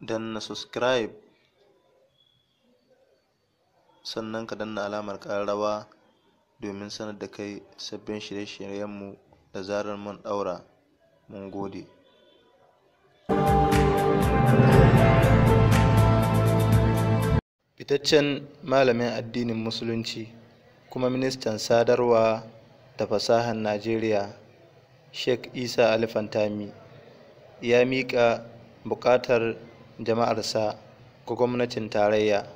danna subscribe sannan ka danna alamar ƙararrawa domin sanar da kai sabbin shirye-shiryenmu da zarar mun ɗaura mun gode fitaccen malamin addinin musulunci kuma ministan sadarwa da fasahar najeriya sheikh isa fantami ya miƙa buƙatar jama'arsa ko gwamnatin tarayya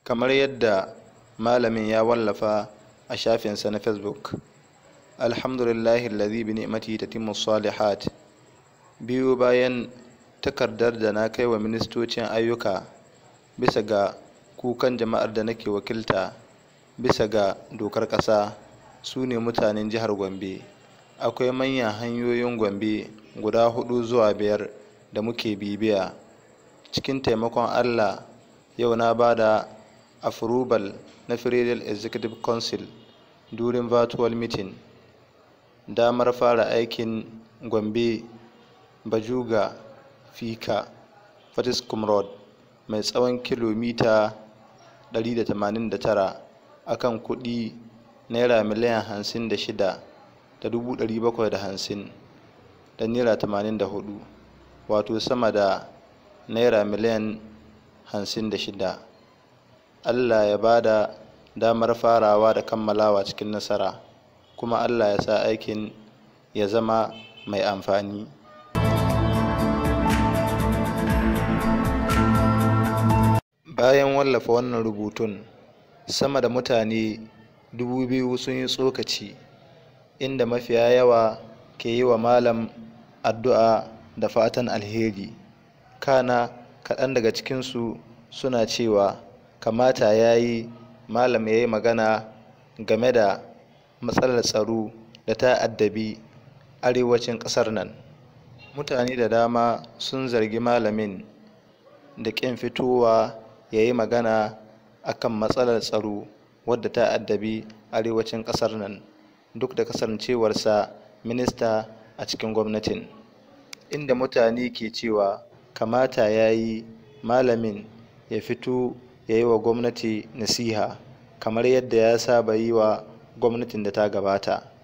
kamar yadda malamin ya wallafa a shafinsa na facebook alhamdulillahi lalzi bi ni'mati tatimmu salihat biyu bayan takardar da na kai wa ministocin ayyuka bisa ga kukan jama'ar da nake wakilta bisa ga dokar ƙasa su ne mutanen jihar gombe akwai manyan hanyoyin gombe guda hudu zuwa biyar da muke bibiya cikin taimakon allah yau na ba da approval na federal executive council durin virtual meeting damar fara aikin gombe bajuga fika fatiskum road mai tsawon kilomita 189 akan kudi naira miliyan 56 da dubu ɗari bakwai da hamsin da naira tamanin da hudu wato sama da naira miliyan hamsin da shida allah ya ba da damar farawa da kammalawa cikin nasara kuma allah ya sa aikin ya zama mai amfani bayan wallafa wannan rubutun sama da mutane dubu biyu sun yi tsokaci inda mafiya yawa ke yi wa malam addu'a da fatan alheri kana kaɗan daga cikinsu suna cewa kamata ya yi malam ya yi magana game da matsalar tsaro da ta addabi arewacin ƙasar nan mutane da dama sun zargi malamin da ƙin fitowa ya yi magana akan matsalar tsaro wadda ta addabi arewacin ƙasar nan duk da kasancewarsa minista a cikin gwamnatin inda mutane ke cewa kamata ya yi malamin ya fito ya yi wa gwamnati nasiha kamar yadda ya saba yi wa gwamnatin da ta gabata